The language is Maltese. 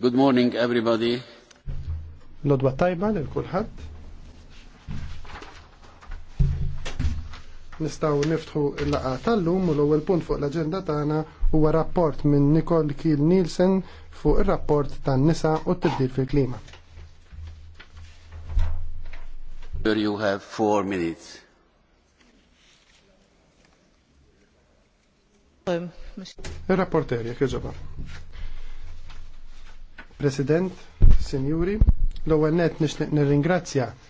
Good morning, everybody. Lodwa tajba lil kulħadd. Nistgħu niftħu l-laqa tal-lum u l-ewwel punt fuq l-aġenda tagħna huwa rapport minn Nicole Kiel Nielsen fuq ir-rapport tan-nisa u t-tibdil fil-klima. You have four minutes. Um, Il-rapporter, jek President, Sinjuri, l-ewwel nett nixtieq nirringrazzja